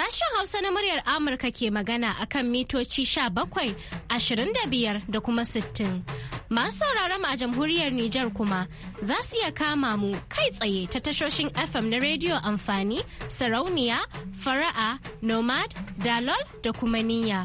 Sashen Hausa na muryar Amurka ke magana a kan mitoci bakwai ashirin da biyar da kuma sittin Masu sauraron a jamhuriyar Nijar kuma za su iya kama mu kai tsaye ta tashoshin FM na rediyo amfani, sarauniya, fara'a, nomad, dalol da kuma niyya.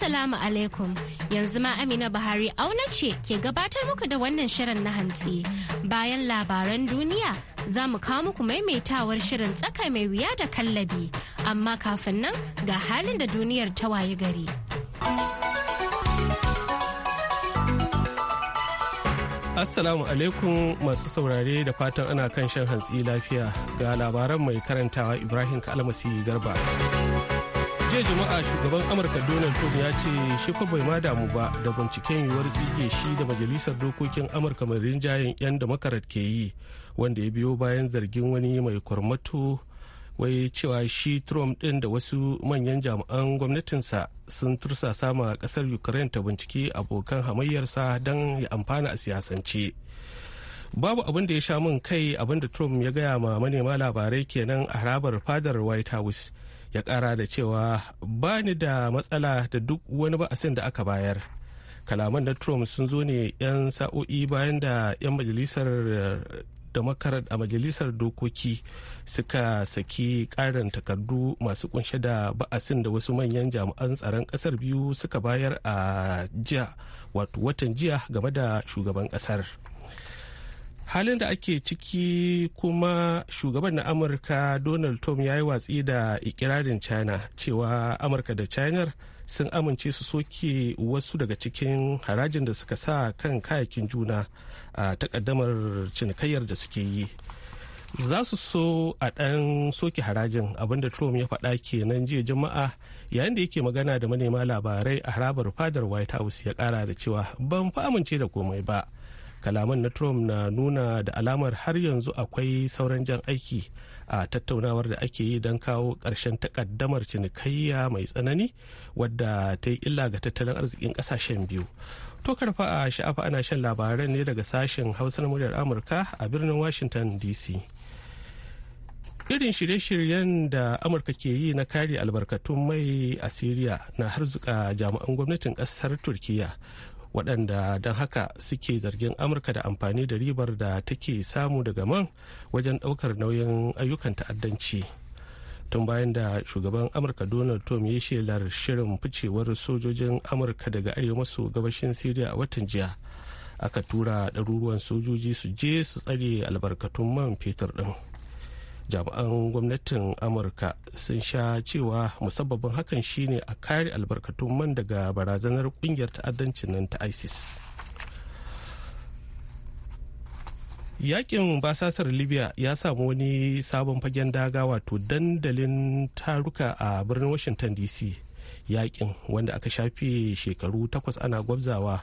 Assalamu alaikum yanzu ma Amina Buhari auna ce ke gabatar muku da wannan shirin na hantsi bayan labaran duniya za mu kawo muku maimaitawar shirin tsaka mai wuya da kallabi amma kafin nan ga halin da duniyar ta waye gari. Assalamu alaikum masu saurare da fatan ana kan shan hantsi lafiya ga labaran mai karantawa Ibrahim Kalmasi Garba. jiya juma'a shugaban amurka donald trump ya ce shi bai ma damu ba da binciken yiwuwar tsige shi da majalisar dokokin amurka mai rinjayen 'yan damakarat ke yi wanda ya biyo bayan zargin wani mai kwarmato wai cewa shi trump ɗin da wasu manyan jami'an gwamnatinsa sun tursa sama ƙasar ukraine ta bincike abokan hamayyarsa don ya amfana a siyasance babu abin da ya sha min kai abin da trump ya gaya ma manema labarai kenan a harabar fadar white house ya kara da cewa ba ni da matsala da duk wani ba'asin da aka bayar kalaman da trump sun zo ne 'yan sa'o'i bayan da 'yan majalisar da a majalisar dokoki suka saki karin takardu masu kunshe da ba'asin da wasu manyan jami'an tsaron kasar biyu suka bayar a jiya wato watan jiya game da shugaban kasar halin da ake ciki kuma shugaban na amurka donald trump ya yi watsi da ikirarin china cewa amurka da china sun amince su soke wasu daga cikin harajin da suka sa kan kayakin juna a takaddamar cinikayyar da suke yi za su so a ɗan soke harajin abinda trump ya faɗa kenan jiya jama'a yayin da yake magana da manema labarai a harabar fadar white house ya ƙara da cewa ban fi amince da komai ba kalaman na trump na nuna da alamar har yanzu akwai sauran jan aiki a tattaunawar da ake yi don kawo ƙarshen takaddamar cinikayya mai tsanani wadda ta yi illa ga tattalin arzikin ƙasashen biyu to karfa a sha'afa ana shan labaran ne daga sashen hausa na muryar amurka a birnin washington dc irin shirye-shiryen da amurka ke yi na kare albarkatun mai a syria na harzuka jami'an gwamnatin kasar turkiyya. waɗanda don haka suke zargin amurka da amfani da ribar da take samu daga man wajen ɗaukar nauyin ayyukan ta'addanci tun bayan da shugaban amurka donald trump ya shelar shirin ficewar sojojin amurka daga arewa maso gabashin syria a watan jiya aka tura ɗaruruwan sojoji su je su tsare albarkatun man fetur ɗin. jami'an gwamnatin amurka sun sha cewa musabbabin hakan shine a kare albarkatun man daga barazanar kungiyar ta'addanci nan ta isis yakin basasar libya ya samu wani sabon fagen daga wato dandalin taruka a birnin washington dc yakin wanda aka shafe shekaru takwas ana gwabzawa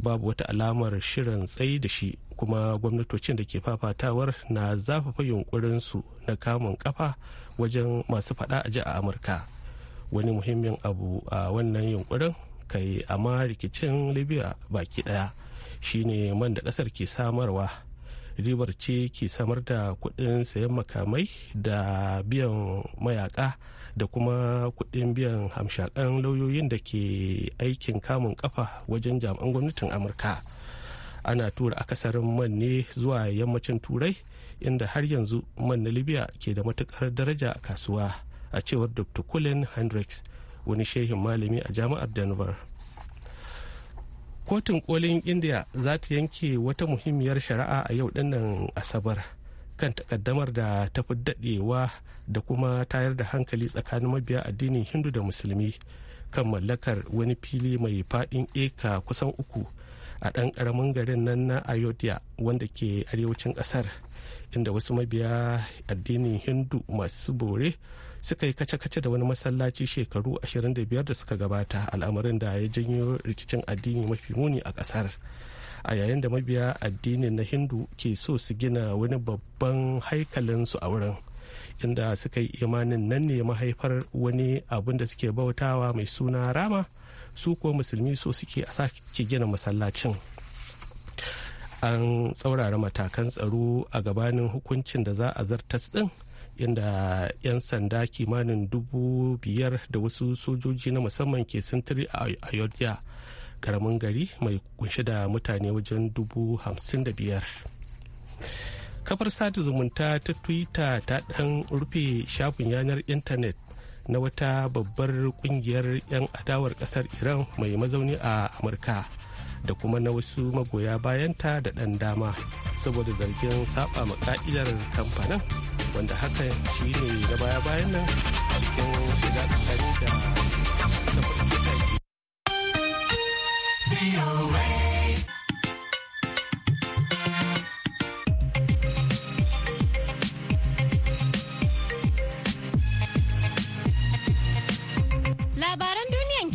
babu wata alamar shirin tsayi da shi kuma gwamnatocin da ke fafatawar na zafafa yunkurinsu na kamun kafa wajen masu fada a ji a amurka wani muhimmin abu a wannan yunkurin kai amma rikicin libya baki daya shine man da kasar ke samarwa ribar ce ke samar da kudin sayan makamai da biyan mayaka da kuma kudin biyan hamshakan lauyoyin da ke aikin kamun kafa wajen jami'an gwamnatin amurka. ana tura akasarin man ne zuwa yammacin turai inda har yanzu man na libya ke da matukar daraja a kasuwa a cewar dr colin hendricks wani shehin malami a jami'ar denver kotun kolin india za ta yanke wata muhimmiyar shari'a a yau dinnan asabar kan takaddamar da ta fi daɗewa da kuma tayar da hankali tsakanin mabiya addinin hindu da musulmi kan mallakar wani fili mai faɗin eka kusan uku a ɗan ƙaramin garin nan na ayodhya wanda ke arewacin ƙasar inda wasu mabiya addinin hindu masu bore suka yi kace-kace da wani masallaci shekaru 25 da suka gabata al'amarin da ya janyo rikicin addini mafi muni a ƙasar. a yayin da mabiya addinin na hindu ke so su gina wani babban haikalinsu a wurin inda suka yi imanin nan ne mahaifar wani abin da suke bautawa mai suna rama su kuwa musulmi so suke a sake gina masallacin an tsaurara matakan tsaro a gabanin hukuncin da za a zartas din inda 'yan sanda kimanin dubu biyar da wasu sojoji na musamman ke sintiri a ayodhya karamin gari mai kunshi da mutane wajen dubu hamsin da biyar kafar sata zumunta ta twitter ta dan rufe shafin yanar intanet na wata babbar kungiyar 'yan adawar kasar iran mai mazauni a amurka da kuma na wasu magoya bayanta da ɗan dama saboda zargin saba ma kamfanin wanda hakan ne na baya-bayan nan cikin shiga da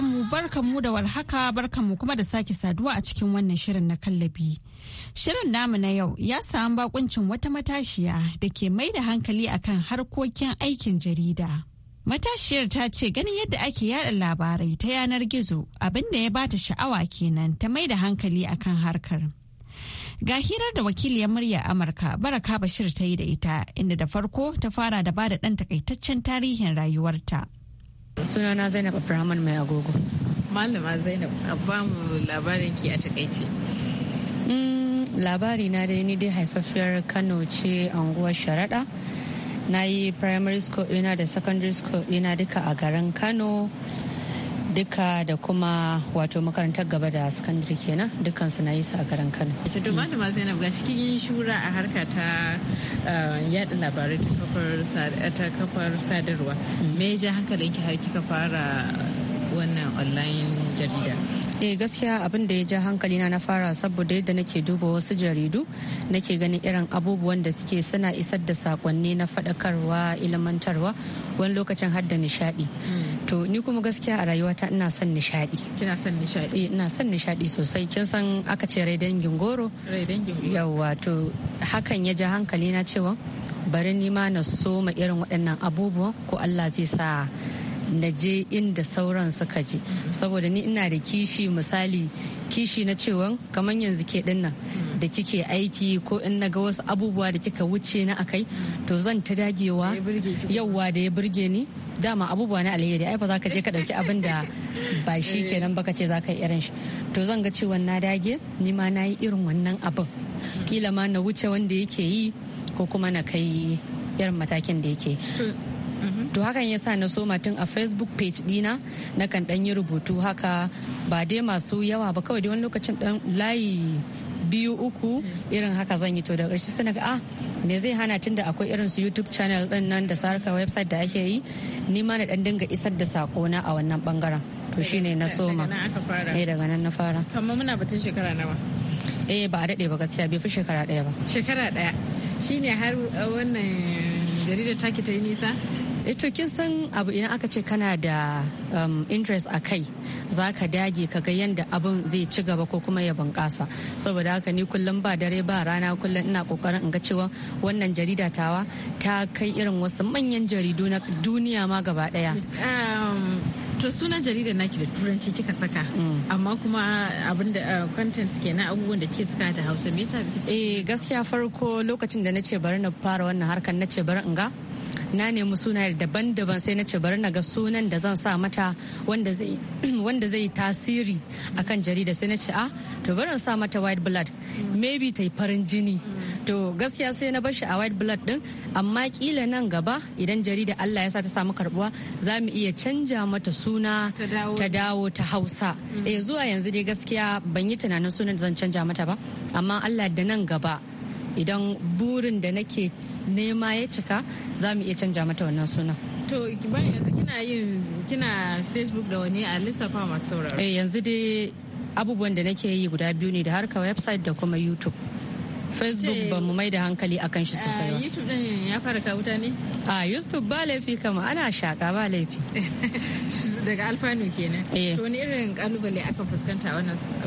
sauraron mu da warhaka mu kuma da sake saduwa a cikin wannan shirin na kallabi. Shirin namu na yau ya samu bakuncin wata matashiya da ke mai da hankali akan harkokin aikin jarida. Matashiyar ta ce ganin yadda ake yada labarai ta yanar gizo abin da ya bata sha'awa kenan ta mai da hankali akan harkar. Ga hirar da wakiliyar murya Amurka Baraka Bashir ta yi da ita inda da farko ta fara da ba da ɗan takaitaccen tarihin rayuwarta. sunana zainab abraman mai agogo malama zainab a bamu labarin ki a takaice mm, labari na dai ni dai haifafiyar kano ce unguwar sharaɗa na yi primary school ina da secondary school ina duka a garin kano duka da kuma wato makarantar gaba da sakandare kenan dukkan su na yi su a garin kano ita to malama zainab ga shi yin shura a harka ta eh, yada labarai ta kafar sadarwa me ya ja ki har kika fara wannan online jarida eh gaskiya abin da ya ja hankali na na fara saboda yadda nake duba wasu jaridu nake ganin irin abubuwan da suke suna isar da sakonni na faɗakarwa ilmantarwa wani lokacin har da nishaɗi hmm. to ni kuma gaskiya a rayuwata ina son nishadi kina son nishadi eh, ina son nishadi sosai kin san aka ce rai dangin goro rai dangin goro yawa to hakan ya ja hankali na cewa bari ni ma na soma irin waɗannan abubuwan ko Allah zai sa na je inda sauran suka je mhm. saboda ni ina da kishi misali kishi na cewa kamar yanzu ke dinnan mhm. da kike aiki ko in na ga wasu abubuwa da kika wuce na akai to zan ta dagewa yauwa da ya burge ni dama abubuwa na alheri ai ba za ka je ka dauki abin da ba shi eh. kenan ba ka ce za ka yi irin shi to zan ga cewa na dage ni ma na yi irin wannan abin kila ma na wuce wanda yake yi ko kuma na kai irin matakin da yake mhm. to hakan ya sa na soma tun a facebook page dina na kan dan yi rubutu haka ba dai masu yawa ba kawai dai wani lokacin dan layi biyu uku irin haka zan yi to da ƙarshe sai naga ah me zai hana tunda akwai irin su YouTube channel din nan da sarka website da ake yi ni ma na dan dinga isar da sako na a wannan bangaren to shine na soma eh daga nan na fara kamar muna batun shekara nawa eh ba a dade ba gaskiya bai fi shekara daya ba shekara daya shine har wannan jaridar take ta yi nisa Eh, to kin san abu idan aka ce kana da um, interest a kai za ka dage ka ga yadda abin zai ci gaba ko kuma ya bunƙasa saboda haka ni kullum ba dare ba rana kullum ina kokarin in ga cewa wannan jarida tawa ta kai irin wasu manyan jaridu na duniya ma gaba daya um, to sunan na naki da turanci kika saka mm. amma kuma abin da uh, content kenan abubuwan da kike saka da hausa me yasa kike eh gaskiya farko lokacin da nace bari na fara wannan harkar nace bari in ga na nemi suna daban-daban sai na ce bari na ga sunan da zan sa mata wanda zai yi tasiri akan jarida sai na ce a ah, to bari sa mata white blood maybe ta yi farin jini to gaskiya sai na bashi a white blood din amma kila nan gaba idan jarida Allah ya sa ta samu karbuwa za mu iya canja mata suna ta dawo ta hausa eh zuwa yanzu dai gaskiya ban yi tunanin sunan da zan canja mata ba amma Allah da nan gaba idan burin da nake nema ya cika za mu iya canja mata wannan sunan to bari yanzu kina yin kina facebook da wani a lissafa masu sauraro eh yanzu dai abubuwan da nake yi guda biyu ne da harka website da kuma youtube facebook ba mu mai da hankali akan shi sosai ba eh, youtube din ya fara kawo ne a youtube ba laifi kama ana shaka ba laifi daga alfanu kenan eh. to wani irin kalubale aka fuskanta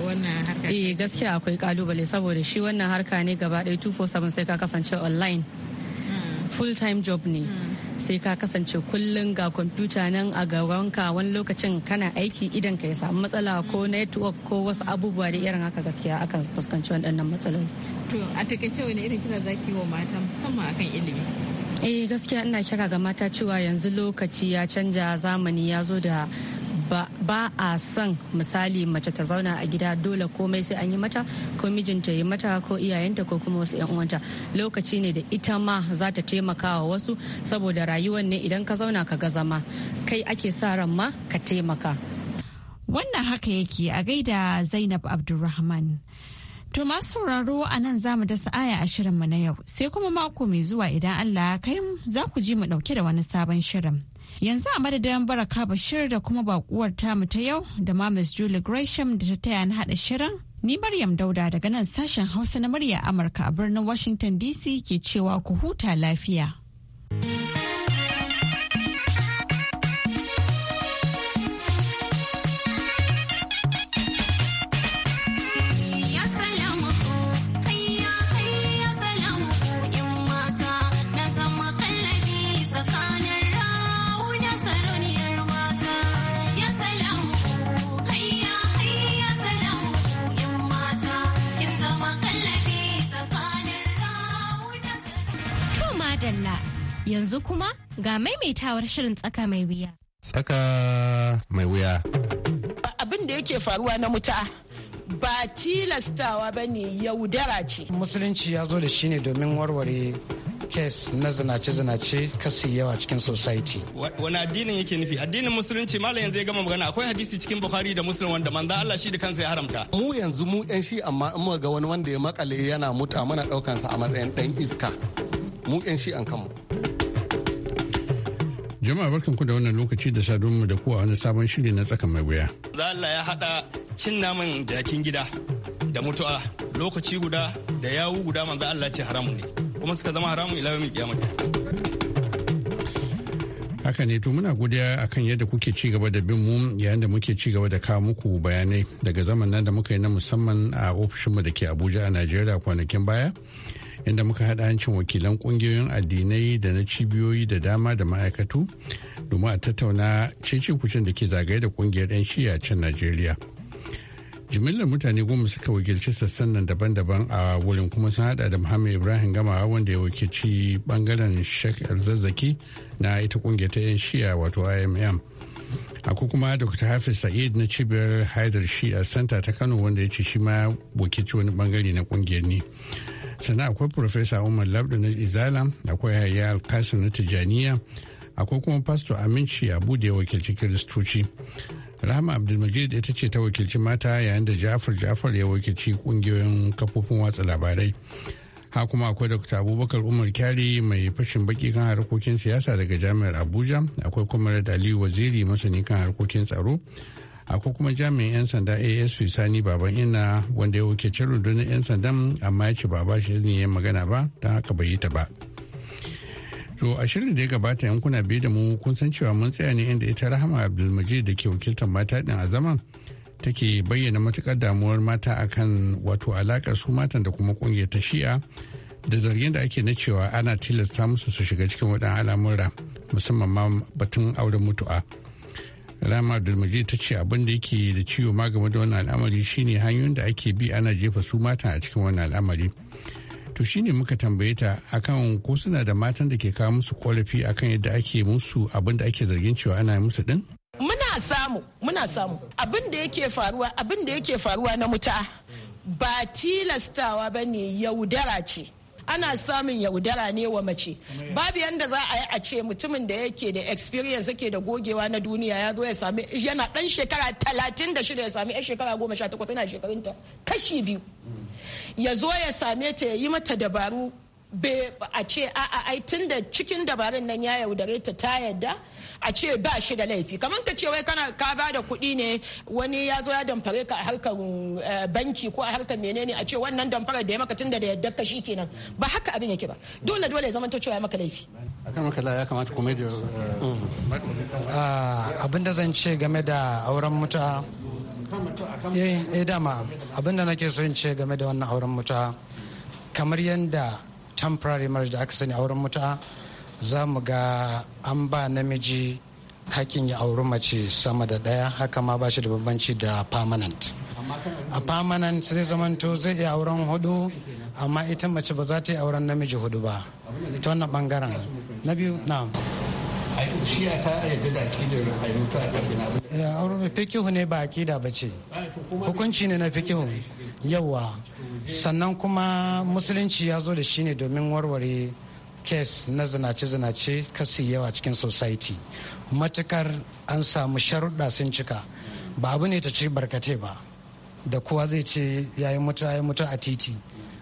wannan harka eh gaskiya akwai kalubale saboda shi wannan harka ne gaba ɗaya 247 sai ka kasance online full time job ne hmm. sai ka kasance kullum ga kwamfuta nan a gabanka wani lokacin kana aiki idan ka ya samu matsala ko hmm. network ko wasu abubuwa da irin haka gaskiya akan fuskanci waɗannan matsaloli. to a takaice wani irin kira zaki wa mata musamman akan ilimi eh gaskiya ina kira ga mata cewa yanzu lokaci ya canja zamani ya zo da ba a son misali mace ta zauna a gida dole komai sai an yi mata ko mijinta yi mata ko iyayenta ko kuma wasu 'yan uwanta lokaci ne da ita ma za ta taimaka wa wasu saboda rayuwar ne idan ka zauna ka ga zama kai ake sa ran ma ka taimaka wannan haka yake a gaida zainab abdulrahman To masu sauraro a nan za mu dasa aya a shirin mu na yau sai kuma mako mai zuwa idan Allah ya kai za ku ji mu dauke da wani sabon shirin. yanzu a madadin baraka bashir da kuma bakuwar tamu ta yau da ma miss julie gresham da ta taya na hada shirin ni maryam dauda daga nan sashen hausa na murya amurka a birnin washington dc ke cewa ku huta lafiya. Yanzu kuma ga maimaitawar shirin tsaka mai wuya. Tsaka mai wuya. Abin da yake faruwa na mutu'a ba tilastawa ba ne yaudara ce. Musulunci ya zo da shi ne domin warware kes na zinace-zinace kasi yawa cikin society. Wani addinin yake nufi? Addinin musulunci ma yanzu ya gama magana akwai hadisi cikin Bukhari da Musulun wanda manza Allah shi da kansa ya haramta. Mu yanzu mu yan shi amma in ga wani wanda ya makale yana muta mana ɗaukansa a matsayin dan iska. Mu yan shi an kanmu. Jama'a barkan ku da wannan lokaci da sadon mu da kowa wani sabon shiri na tsakan mai wuya. Allah ya haɗa cin naman jakin gida da mutu'a lokaci guda da yawu guda manzo Allah ce haramun ne kuma suka zama haramun ila yawmil qiyamah. haka ne to muna godiya akan yadda kuke ci gaba da bin mu yayin da muke ci gaba da kawo muku bayanai daga zaman nan da muka yi na musamman a ofishinmu da ke abuja a najeriya kwanakin baya inda muka haɗa hancin wakilan ƙungiyoyin addinai da na cibiyoyi da dama da ma'aikatu domin a tattauna cece kucin da ke zagaye da ƙungiyar 'yan shiya can najeriya jimillar mutane goma suka wakilci sassan nan daban-daban a wurin kuma sun hada da muhammad ibrahim gamawa wanda ya wakilci bangaren sheikh zazzaki na ita kungiyar ta yan shiya wato imm akwai kuma dr hafiz sa'id na cibiyar haidar shi'a santa ta kano wanda ya ce shi ma wakilci wani bangare na kungiyar ne sannan akwai profesa umar labda na izalam akwai yaya alkasim na tijaniya akwai kuma pastor aminci abu da ya wakilci kiristoci rahama abdulmajid ita ce ta wakilci mata yayin da jafar jafar ya wakilci kungiyoyin kafofin watsa labarai ha kuma akwai dr abubakar umar kyari mai fashin baki kan harkokin siyasa daga jami'ar abuja akwai kuma aliyu waziri masani kan harkokin tsaro akwai kuma jami'in 'yan sanda asp sani baban ina wanda ya wuce cin rundunar 'yan sandan amma ya ce ba ba shi ne ya magana ba don haka bai yi ta ba to a shirin da ya gabata yankuna biyu da mu kun san cewa mun tsaya ne inda ita rahama abdulmajid da ke wakiltar mata din a zaman take bayyana matukar damuwar mata akan wato alakar su matan da kuma kungiyar ta shi'a da zargin da ake na cewa ana tilasta musu su shiga cikin waɗannan al'amura musamman ma batun auren mutu'a. rama abdulmajid ta ce abin da yake da ciwo ma game da wannan al'amari shine hanyoyin da ake bi ana jefa su mata a cikin wannan al'amari to shine muka tambaye ta akan ko suna da matan da ke kawo musu korafi akan yadda ake musu abin da ake zargin cewa ana musu din muna samu muna samu abin da yake faruwa abin da yake faruwa na muta ba tilastawa bane yaudara ce ana samun yaudara ne wa mace babu yadda za a yi a ce mutumin da yake da experience yake da gogewa na duniya ya zo ya sami yana dan shekara talatin ya sami yan shekara goma sha takwas yana shekarunta kashi biyu ya zo ya same ta ya yi mata dabaru a ce a'a ai tun da cikin dabarun nan ya yaudare ta ta yadda a ce ba shi da laifi kamar ka ce wai kana ka ba da kuɗi ne wani ya zo ya damfare ka a harkar eh, banki ko a harkar menene a ce wannan damfarar da ya maka tunda da yadda ka shi kenan ba haka abin yake ba dole dole ya zamanta cewa ya maka laifi akan maka ya kamata kuma da eh, ah, abin da zan ce game da auren muta eh, eh dama abin da nake so in ce game da wannan auren muta kamar yadda temporary marriage da aka sani auren muta za mu ga an ba namiji hakkin ya auri mace sama da ɗaya haka ma ba shi da bambanci da permanent a permanent zai zamanto zai iya auren hudu amma ita mace ba za ta yi auren namiji hudu ba ta wannan bangaren na biyu na eh, fikihu ne ba akida ba ce hukunci ne na fikihu yawa sannan kuma musulunci ya zo da shi ne domin warware kes na zinace-zinace kasi yawa cikin society matukar an samu sharuɗa sun cika ba abu ne ta ci barkate ba da kowa zai ce yayi mutu yayi mutu a titi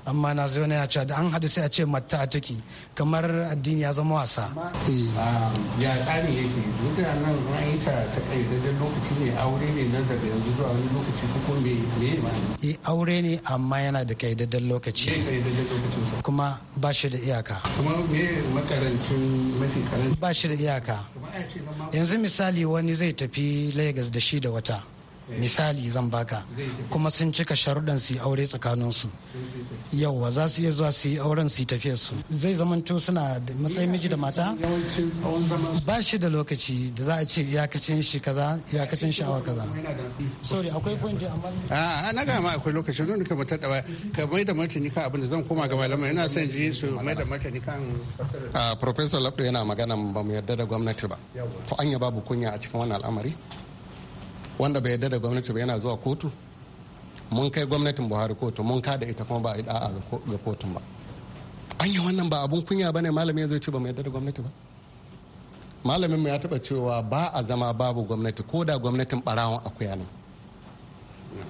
amma na zaune yana cewa da an haɗu sai a ce matta a tuki kamar addini ya zama wasa. Eh. Ah, ya tsari yake duka nan ran ita ta takaitaccen lokaci ne aure ne nan daga yanzu zuwa wani lokaci ko me ne ma eh, aure ne amma yana da kaidaddan lokaci kuma ba shi da iyaka kuma me makarancin mafi karanci ba shi da iyaka yanzu misali wani zai tafi Lagos da shi da wata misali zan baka kuma sun cika sharuɗan su yi aure tsakanin su yauwa za su iya zuwa su yi auren su tafiyar su zai zamanto suna da matsayin miji da mata ba shi da lokaci da za a ce iyakacin shi kaza iyakacin sha'awa kaza sorry akwai point amma a na ga ma akwai lokaci don ka mutar da ka mai da martani kan abin da zan koma ga malamai ina son ji su mai da martani kan a ah, professor labdo yana magana ba mu yarda da gwamnati ba to anya babu kunya a cikin wannan al'amari wanda bai yarda da gwamnati ba yana zuwa kotu mun kai gwamnatin buhari kotu mun kada ita kuma ba a da'a ga kotun ba an yi wannan ba abun kunya ba ne ya zai ce ba mu yarda da gwamnati ba malamin mu ya taba cewa ba a zama babu gwamnati ko da gwamnatin barawan akuya ne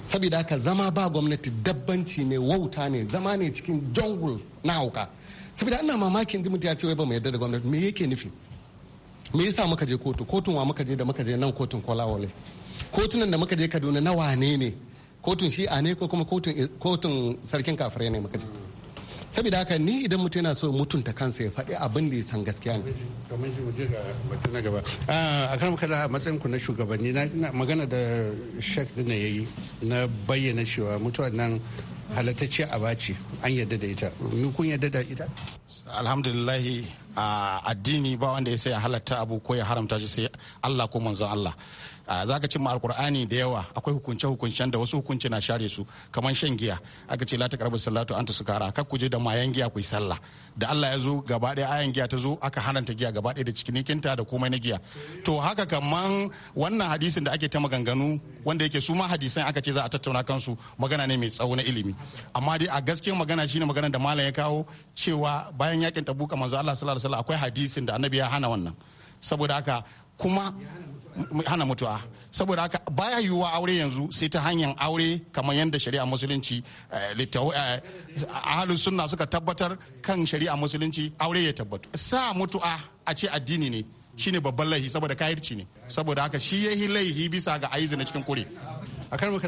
saboda haka zama ba gwamnati dabbanci ne wauta ne zama ne cikin jungle na hauka saboda ina mamakin ji ya ce wai ba mu yarda da gwamnati me yake nufi me yasa muka je kotu kotun wa muka je da muka je nan kotun kolawole kotunan da muka je kaduna na wane ne kotun a ne ko kuma kotun sarkin kafirai ne muka je saboda haka ni idan mutum yana so mutunta kansa ya faɗi abin da ya san gaskiya ne. na ah, a kan kada a matsayin ku na shugabanni na magana da shek na ya yi na bayyana cewa mutuwar nan halattacce a baci an yadda da ita ni kun yadda da ita. alhamdulillah a ah, addini ba wanda ya sai halatta abu ko ya haramta shi sai allah ko manzon allah za ka cimma alkur'ani da yawa akwai hukunce hukuncen da wasu hukunci na share su kamar shan giya aka ce la taqrabu salatu anta sukara kar ku je da mayan giya ku yi sallah da Allah ya zo gaba ɗaya ayan giya ta zo aka hananta giya gaba ɗaya da cikinikinta da komai na giya to haka kaman wannan hadisin da ake ta maganganu wanda yake su ma hadisan aka ce za a tattauna kansu magana ne mai tsawo na ilimi amma dai a gaskiyar magana shine magana da malam ya kawo cewa bayan yakin tabuka manzo Allah sallallahu alaihi wasallam akwai hadisin da annabi ya hana wannan saboda haka kuma hana mutuwa saboda haka baya yiwuwa aure yanzu sai ta hanyar aure kamar yadda shari'a musulunci eh, ahalus eh, sunna suka tabbatar kan shari'a musulunci aure ya tabbatu sa mutuwa a ce addini ne shine babban laihi saboda kayirci ne saboda haka shi yahi laihi bisa ga aizi na cikin kure a kan um,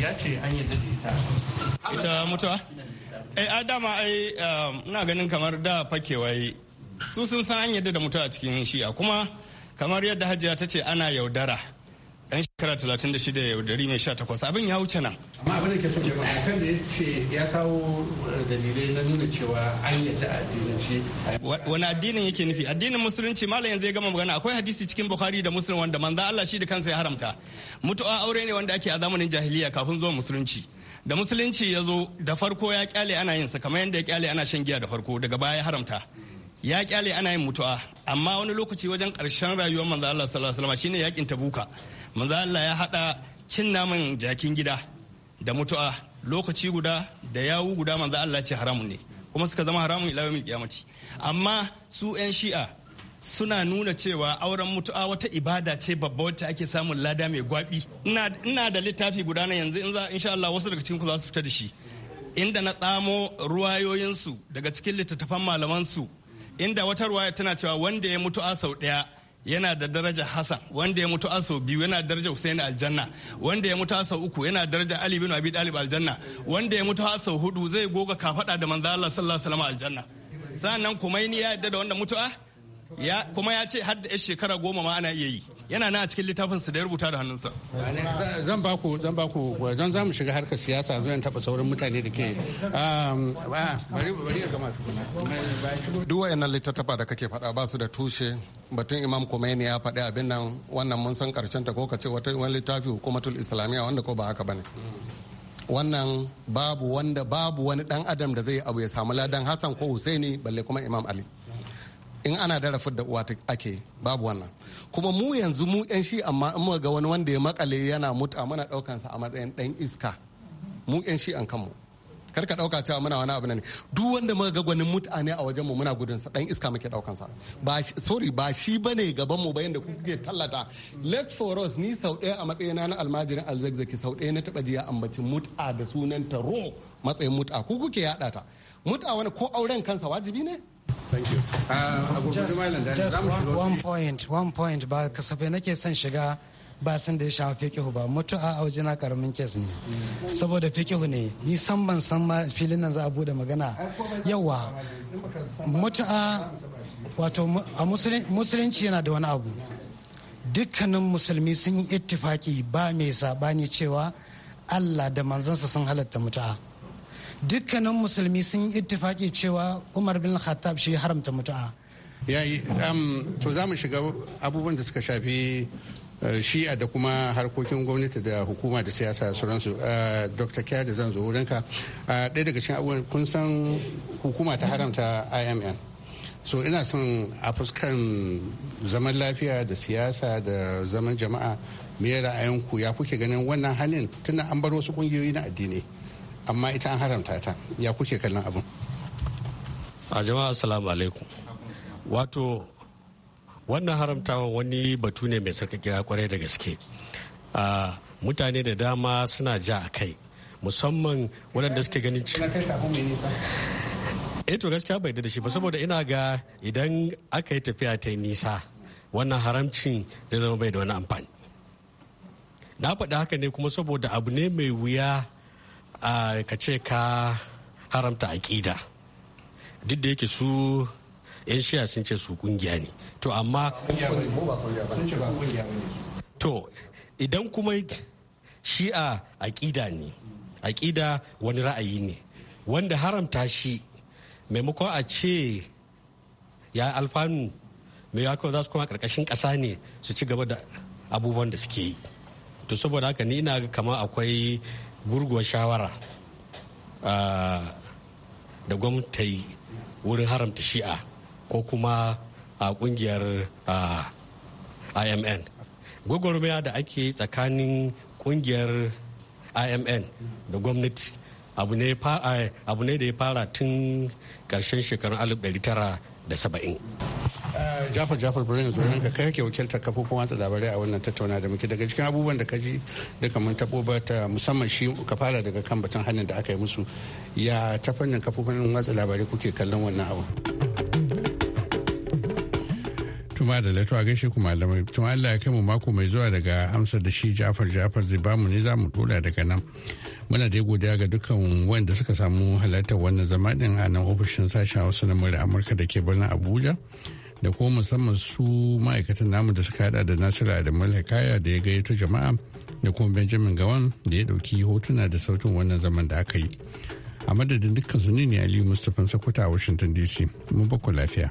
ya ce an yi ita ita mutuwa eh, ai a um, ai ina ganin kamar da fakewa su sun san an yadda da mutuwa cikin shi'a kuma kamar yadda hajiya ta ce ana yaudara dan shekara 36 yaudari mai 18 abin ya wuce nan amma abin da ke son jama'a kan da ce ya kawo eh, dalilai na nuna cewa an yadda addinanci wani addinin yake nufi addinin musulunci malam yanzu ya gama magana akwai hadisi cikin bukhari da muslim wanda manzo Allah shi da kansa ya haramta mutuwa aure ne wanda ake a zamanin jahiliya kafin zuwa musulunci da musulunci ya zo da farko ya kyale ana yin sa kamar yadda ya kyale ana shan giya da farko daga baya ya haramta ya kyale ana yin mutu'a amma wani lokaci wajen karshen rayuwar manzo Allah sallallahu alaihi wasallam shine yakin tabuka manzo Allah ya hada cin naman jakin gida da mutu'a lokaci guda da yawu guda manzo Allah ce haramun ne kuma suka zama haramun ila yawmil qiyamati amma su yan shi'a suna nuna cewa auren mutu'a wata ibada ce babba wacce ake samun lada mai gwabi ina da littafi guda na yanzu in za insha Allah wasu daga cikin ku za su fita da shi inda na tsamo ruwayoyinsu daga cikin littattafan malaman su inda wata ruwaya tana cewa wanda ya mutu a sau ɗaya yana da daraja Hassan wanda ya mutu sau biyu yana daraja Hussein aljanna wanda ya mutu sau uku yana daraja Ali bin Abi dalib aljanna wanda ya mutu sau hudu zai goga kafada da manzo Allah sallallahu alaihi wasallam aljanna sannan kuma ya yadda da wanda a ya kuma ya ce har da shekara goma ma ana iya yi yana na a cikin littafin su da ya rubuta da hannunsa zan ba ku zan ba ku don za mu shiga harkar siyasa zan taɓa sauran mutane da ke um, bari bari ya gama duk wayannan littattafa da kake faɗa ba su da tushe batun imam Khomeini ya faɗi abin nan wannan mun san karshen ta ko ka ce wani littafi hukumatul islamiyya wanda ko ba haka bane wannan babu wanda babu wani dan adam da zai abu ya samu ladan hassan ko husaini balle kuma imam ali in ana da rafin da uwa ake babu wannan kuma mu yanzu mu yan shi amma in ga wani wanda ya makale yana mutu muna sa a matsayin dan iska mu yan shi an kanmu kar ka dauka cewa muna wani abu ne duk wanda muka ga gwanin mutane a wajen mu muna gudun sa dan iska muke daukan sa ba sorry ba shi bane gaban mu bayan yanda ku kuke tallata left for us ni sau ɗaya a matsayina na almajirin alzakzaki sau ɗaya na taba jiya ambacin mut'a da sunanta ro matsayin mut'a ku kuke yada ta mut'a wani ko auren kansa wajibi ne Thank you. Uh, uh, one, point, one point ba kasafai nake son shiga ba sun da ya sha fikihu ba mutu'a a wajena karamin kes ne mm. saboda fikihu ne ni san ban san ma filin nan za a bude magana yawa mutu'a wato a musulunci yana da wani abu dukkanin musulmi sun yi ittifaki ba mai sabani cewa allah da manzansa sun halatta mutu'a dukkanin musulmi sun yi ittifaki cewa umar bin khattab shi haramta mutu'a Ya yi um, to za mu shiga abubuwan da suka shafi uh, shi'a da kuma harkokin gwamnati da hukuma da siyasa sauransu uh, dr kyar da zan zo wurinka uh, ɗaya daga cikin abubuwan kun san hukuma ta haramta imn so ina son a fuskan zaman lafiya da siyasa da zaman jama'a me ra'ayinku ya kuke ganin wannan hannun tunan an bar wasu kungiyoyi na addini amma ita an haramta ta ya kuke kallon abin a jama'a assalamu alaikum wato wannan haramtawa wani batu ne mai sarkakiya kwarai da gaske mutane da dama suna ja a kai musamman waɗanda suke ganin ci. eh to gaskiya bai da shi ba saboda ina ga idan aka yi tafiya ta yi nisa wannan haramcin zai zama bai da wani amfani na faɗi haka ne kuma saboda abu ne mai wuya ka ce ka haramta aƙida duk da yake su 'yan shiya sun ce su kungiya ne to amma to idan kuma shi'a aƙida ne aƙida wani ra'ayi ne wanda haramta shi maimakon a ce ya alfanu mai ya za su kuma ƙarƙashin ƙasa ne su ci gaba da abubuwan da suke yi to saboda haka ni ina kama akwai gurguwar shawara da gwamnati wurin haramta shi'a ko kuma a kungiyar imn gwagwarmaya da ake tsakanin kungiyar imn da gwamnati abu ne da ya fara tun karshen shekarun 1970 Jafar Jafar Birnin zuwa ka kai ke wakiltar kafofin watsa labarai a wannan tattauna da muke daga cikin abubuwan da kaji duka mun tabo ba ta musamman shi ka fara daga kan batun hannun da aka yi musu ya ta fannin kafofin watsa labarai kuke kallon wannan abu. tuma da lato a gaishe kuma malamai tun Allah ya kai mu mako mai zuwa daga amsar da shi Jafar Jafar zai bamu ne za mu dora daga nan muna da godiya ga dukkan wanda suka samu halartar wannan zama din a nan ofishin sashen Hausa na Amurka da ke birnin Abuja da kuma musamman su ma'aikatan namu da suka hada da nasira da malakaya da ya gayyato jama'a da kuma benjamin gawan da ya dauki hotuna da sautin wannan zaman da aka yi a madadin dukkan su ne aliyu mustapha sakwata a washington dc mun baku lafiya.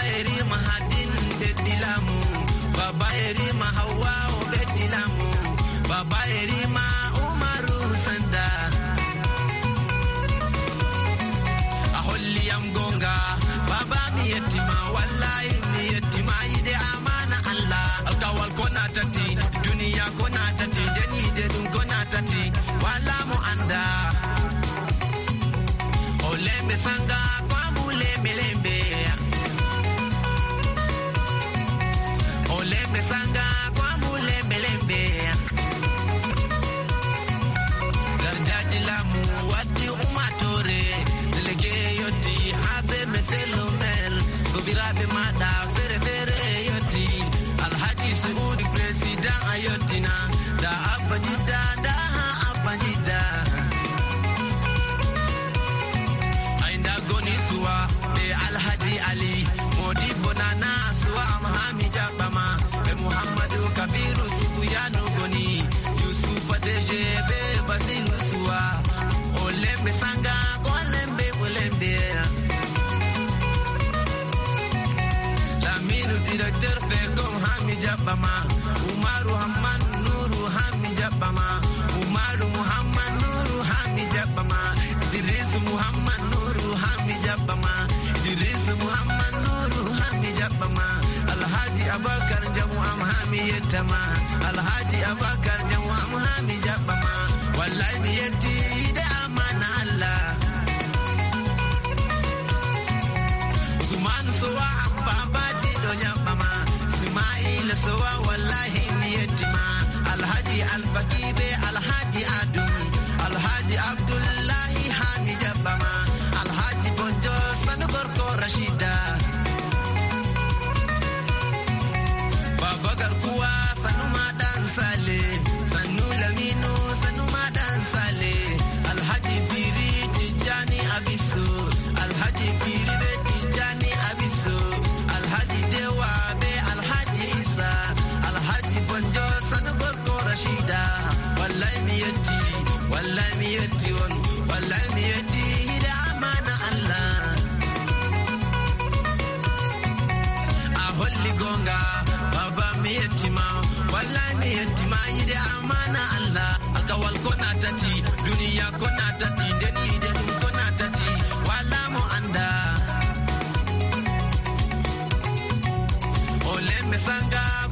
babayeri mahadin beddilamu babayeri mahawawo Baba babayeri ma Ali. adama alhaji abakar janwa muhammi jabama wallahi yaddi da amana allah sumanu suwa babaji do jabama sima'ila suwa wallahi yaddi ma alhaji alfaki be alhaji adu. sangaba.